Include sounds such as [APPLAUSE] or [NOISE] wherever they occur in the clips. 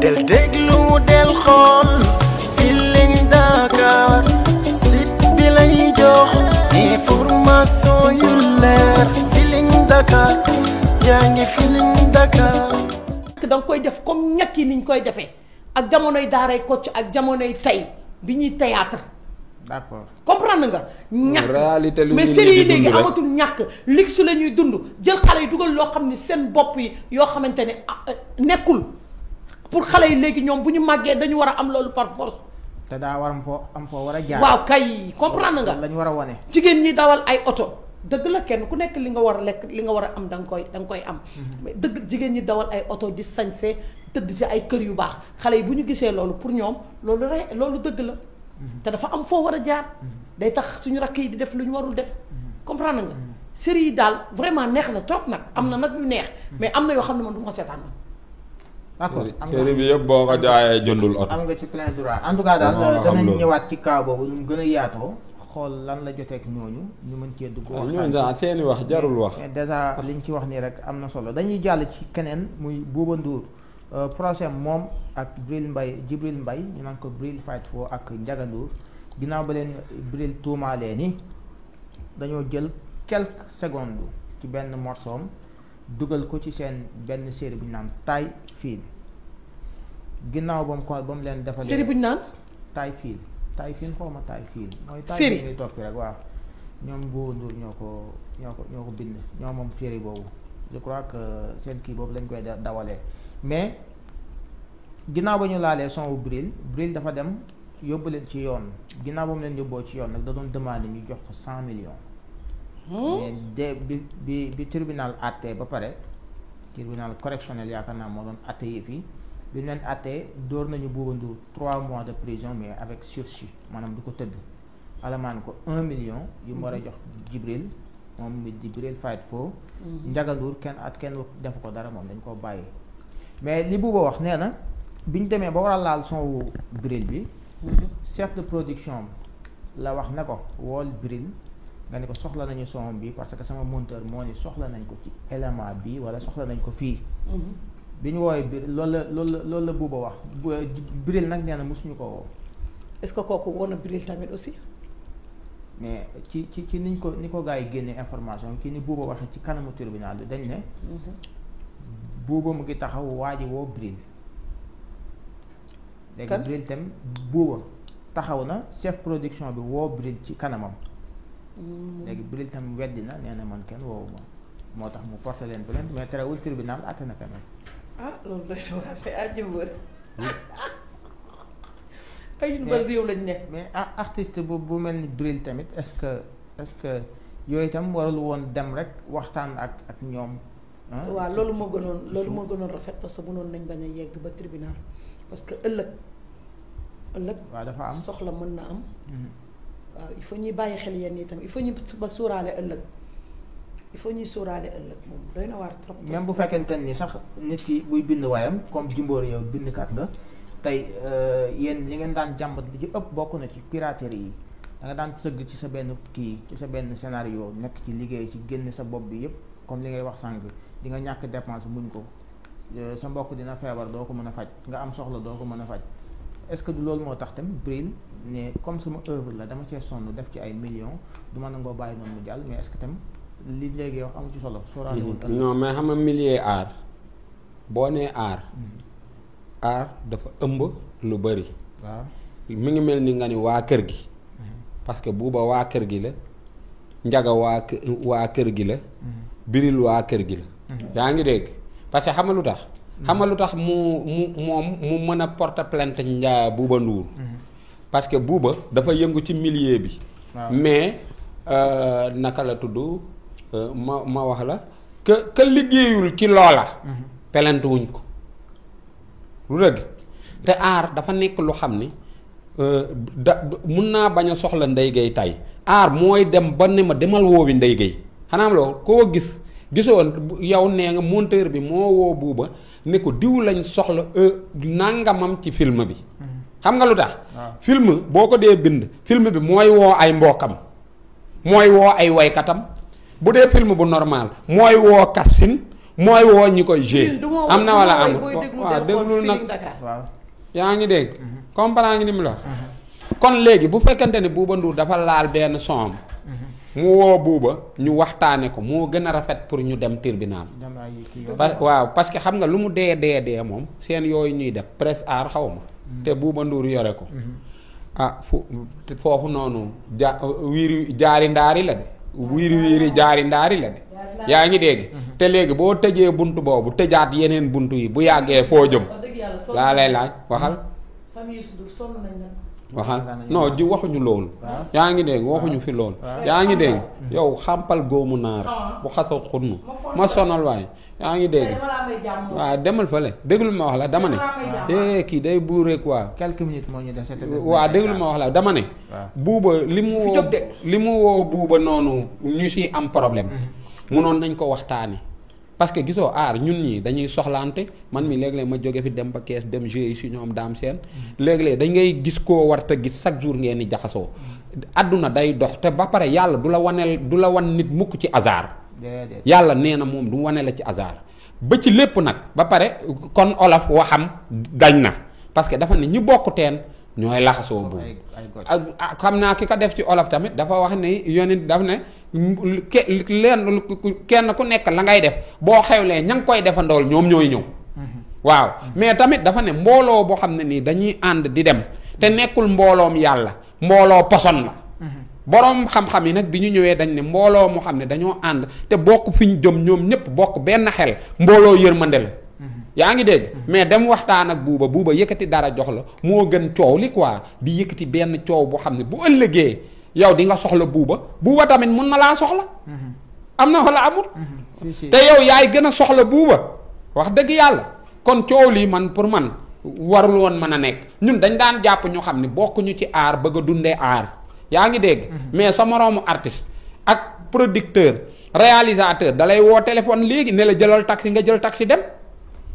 del déglu del xool Feeling Dakar site bi lay jox information yu leer Feeling Dakar yaa ngi Feeling Dakar da koy def comme ñàkk yi niñ koy defee ak jamonoy daaray Kocc ak jamonoy tey bi ñuy théâtre d'accord comprendre nga ñàkk mais série yi léegi amatul ñàkk luxe la ñuy dund jël xale yi dugal loo xam ni seen bopp yi yoo xamante ne ah, euh, nekkul pour xale yi léegi ñoom bu ñu màggee dañu war a am loolu par force. te daa war am foo am foo war a jaar. waaw kay comprendre nga. lañu war a wane. jigéen ñi dawal ay oto. dëgg la kenn ku nekk li nga war a lekk li nga war a am danga koy danga nga koy am. Mhm. mais dëgg jigéen ñi dawal ay oto di sañse tëdd si ay kër yu baax xale yi bu ñu gisee loolu pour ñoom loolu rek loolu dëgg la. Mhm. te dafa am foo war a jaar. Mhm. day tax suñu rakk yi di def lu ñu warul def. comprendre nga. série yi daal vraiment neex na trop nag am na nag ñu neex. mais am na yoo xam ne man du ma seetaan d'accord série bi yëpp boo ko jaayee jëndul oto. am nga ci plein droit en tout cas daal danañ ñëwaat ci kaw boobu ñu mu gën a yaatoo. xool lan la joteek ñooñu ñu mën cee dugg. Ah, waaw ñooñu seeni wax jarul wax. li ñu ci wax nii rek am na solo dañuy jàll ci keneen muy Bouba Ndour euh, procès moom ak Bril mbay Jibril mbay ñu naan ko Bril Fight Fo ak Ndiaga Ndour ginnaaw ba leen Bril tuumaalee ni dañoo jël quelques secondes ci benn morsoom dugal ko ci seen benn série bu ñu naan Taay Fiil ginnaaw ba mu ko ba mu leen defalee série bu ñu naan Taay Fiil Taay Fiil xaw ma Taay Fiil mooy Taay Fiil ñuy toppi rek waaw ñoom Mbour Ndour ñoo ko ñoo ko ñoo ko bind ñoo moom série boobu je crois que seen kii boobu lañ koy dawalee mais ginnaaw ba ñu laalee son wu Bril Bril dafa dem yóbbu leen ci yoon ginnaaw ba mu leen yóbboo ci yoon nag da doon demandé ñu jox ko cent million Hmm? mais de bi bi bi tribunal àttee ba pare tribunal correctionnel yaakaar naa moo doon àtte yëf yi bi mu leen àttee dóor nañu Bouba Ndour trois mois de prison mais avec sursis maanaam du ko tëdd alamaan ko un million yu mu war a hmm. jox Jibril moom mi Jibril Fayet foo hmm. Ndiaga kenn at kenn def ko dara moom dañ koo bàyyi mais li Bouba wax nee na bi ñu demee ba war a laal son wu Bril bi chef de production la wax na ko wool Bril nga ne ko soxla nañu son bi parce que sama monteur moo ni soxla nañ ko ci élément bi wala soxla nañ ko fii mhm. bi ñu woowee biir la loolu la loolu la buuba wax Bril euh, nag nee na mosuñu ko woo est-ce que kooku woon na Bril tamit aussi mais ci ci ci niñ ko ni ko gars yi génne information ci ni buuba waxee ci kanamu tribunal bi dañ ne mhm. buuba mu ngi taxaw waa ji woo Bril léegi Bril tam buuba taxaw na chef production bi woo Bril ci kanamam Mm. léegi Bril tam weddi na nee na man kenn woowu moo tax mu porté leen plainte mais terewul tribunal àtte na quand même. ah loolu doy na waar te àjji [LAUGHS] ay mbër lañ ne. mais ah, artiste bu bu mel ni Bril tamit est-ce que est-ce que yooyu itam warul woon dem rek waxtaan ak ak ñoom. waaw loolu moo gënoon loolu moo gënoon rafet parce que mënoon nañ bañ a yegg ba tribunal parce que ëllëg. ëllëg waaw dafa am soxla mën na am. Mm-hmm. waaw euh, il faut ñuy bàyyi xel yenn yi tamit il faut ñu ba suuraale ëllëg il faut ñuy suuraale ëllëg moom doy na waar trop. même bu fekkente ni sax nit ki buy bind waayam comme Jimbori yow bindkat nga tey euh, yéen li ngeen daan jàmbat li ci ëpp bokk na ci piraterie yi da daan sëgg ci sa benn kii ci sa benn scénario nekk ci liggéey ci génn sa bopp bi yépp comme li ngay wax sànq di nga ñàkk dépense muñ ko euh, sa mbokk dina feebar doo ko mën a faj nga am soxla doo ko mën a faj. est-ce que loolu moo tax tamit Bril ne comme sama œuvre la dama cee sonn def ci ay million du ma nangoo bàyyi noonu mu jàll mais est li léegi wax amu ci solo. sóoraale wu non mais xam nga millier art boo nee art. Hmm. art dafa ëmb lu bari waaw mi ngi mel ni nga ni waa kër gi. Hmm. parce que buuba waa kër gi la. njaga waa kër gi la. Hmm. Bril waa kër gi la. yaa ngi dégg parce que xam nga lu tax. xam nga lu tax mu mu moom mu mën a porter plainte njaa Bouba Ndour mhm. parce que Bouba dafa yëngu ci milieu bi mais euh, naka la tudd euh, ma ma wax la que que liggéeyul ci loola mhm. plainte wuñ ko lu dëgg te aar dafa nekk lu xam ni euh, da mun naa bañ a soxla Ndeye Gueye tey aar mooy dem ba ne ma demal woowi Ndeye Gueye xanaa am loo koo gis gisoon yow nee nga monteur bi moo woo buuba ni ko diw lañ soxla euh, nangamam ci film bi. Mm-hmm. xam nga lu tax. Ah. film boo ko dee bind. film bi mooy woo ay mbokkam mooy woo ay waykatam bu dee film bu normal mooy woo casting mooy woo ñi koy jouer. am na wala amul waaw déglu nag yaa ngi dégg. Mm-hmm. comprendre ngi ni mu la. Mm-hmm. kon léegi bu fekkante ne Bouba Ndour dafa laal benn somme. mu woo buuba ñu waxtaane ko moo gën a rafet pour ñu dem tribunal waaw parce que xam nga lu mu dee dee dee moom seen yooyu ñuy def presse aar xaw ma mm-hmm. te buuba nduur yore ko mm-hmm. ah foofu noonu ja wiiri jaari ndaari la de wiiri wiiri jaari ndaari la de yaa ngi dégg mm-hmm. te léegi boo tëjee bunt boobu tëjaat yeneen bunt yi bu yàggee foo jëm laa lay laaj waxal waxal non ji waxuñu loolu. yaa ngi dégg waxuñu fi loolu. yaa ngi dégg yow xàmpal góomu naar bu xasoo xunnu ma sonal waay yaa ngi dégg. waaw demal fële déglu ma wax la dama ne. eh kii day buuree quoi. quelques moo ñu dese waaw déglu ma wax la dama ne. buuba li mu woo li mu woo buuba noonu ñu si am problème. Mm. munoon nañ ko waxtaanee. parce que gisoo aar ñun ñi dañuy soxlante man mi léeg leen ma jóge fi dem ba kees dem GIE si ñoom daam mm-hmm. seen léeg-léeg dañ ngay gis koo war te gis chaque jour ngeen di jaxasoo àdduna day dox te ba pare yàlla du la waneel du la wan nit mukk ci hasard yàlla nee na moom du wane la ci hasard ba ci lépp nag ba pare kon olof waxam dañ na parce que dafa ne ñu bokk teen ñooy laxasoo buum ak ah, xam naa ki ko def ci olof tamit dafa wax ni yonent daf ne ke leen kenn ku nekk la ngay def boo xewlee ñan koy defandool ñoom ñooy ñëw mm-hmm. waaw mais tamit dafa ne mbooloo boo xam ne nii dañuy ànd di dem te nekkul mbooloom yàlla mbooloo poson la mm-hmm. boroom xam-xam yi nag bi ñu ñëwee dañ ne mbooloo mu xam ne dañoo ànd te bokk fi ñu jëm ñoom ñëpp bokk benn xel mbooloo yërmande la yaa ngi dégg mais dem waxtaan ak buuba buuba yëkkati dara jox la moo gën coow li quoi di yëkkati benn coow boo xam ne bu ëllëgee yow di nga soxla buuba buuba tamit mun na laa soxla. Mm-hmm. am na wala amul. Mm-hmm. te yow yaay gën a soxla buuba wax dëgg yàlla kon coow lii man pour man warul woon mën a nekk ñun dañ daan jàpp ñu xam ne bokkuñu ci aar bëgg a dundee aar yaa ngi dégg. Mm-hmm. mais sa moroomu artiste ak producteur réalisateur dalay woo téléphone léegi ne la jëlal taxi nga jël taxi dem.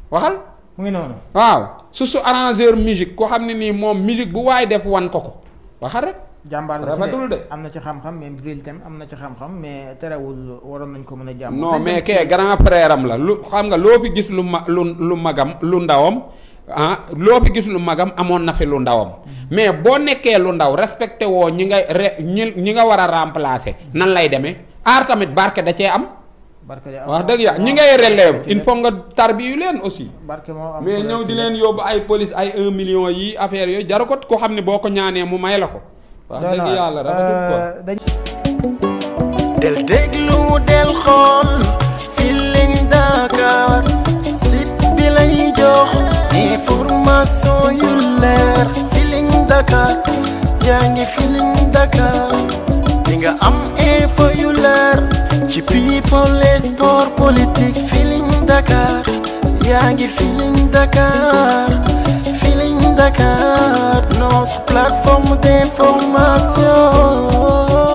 waxal. noonu. waaw su su arrangeur musique koo xam ne nii moom musique bu waaye def wan ko ko waxal rek. jàmbaar am na ci xam-xam mais am na ci xam-xam mais terewul waroon nañ ko mën a jàmm. non mais kay grand frère am la lu xam nga loo fi gis lu mag lu lu magam lu ndawam ah loo fi gis lu magam amoon na fi lu ndawam. Mm-hmm. mais boo nekkee lu ndaw respecté woo ñi nga re ñi ñi nga war a remplacer. nan lay demee aar tamit barke da cee am. wax dëgg yàlla ñi ngay relève il faut nga tarbiyu leen aussi mais ñëw di leen yóbbu ay police ay un million yi affaire yooyu jaru ko ku xam ne boo ko ñaanee mu may la ko wax dëgg yàlla rafetul ko euh, del déglu del xool Feeling Dakar site bi lay jox information yu leer Feeling Dakar yaa ngi Feeling Dakar di am info yu leer ci people les sport politique Feeling Dakar yaa ngi Feeling Dakar Feeling Dakar notre plateforme d'information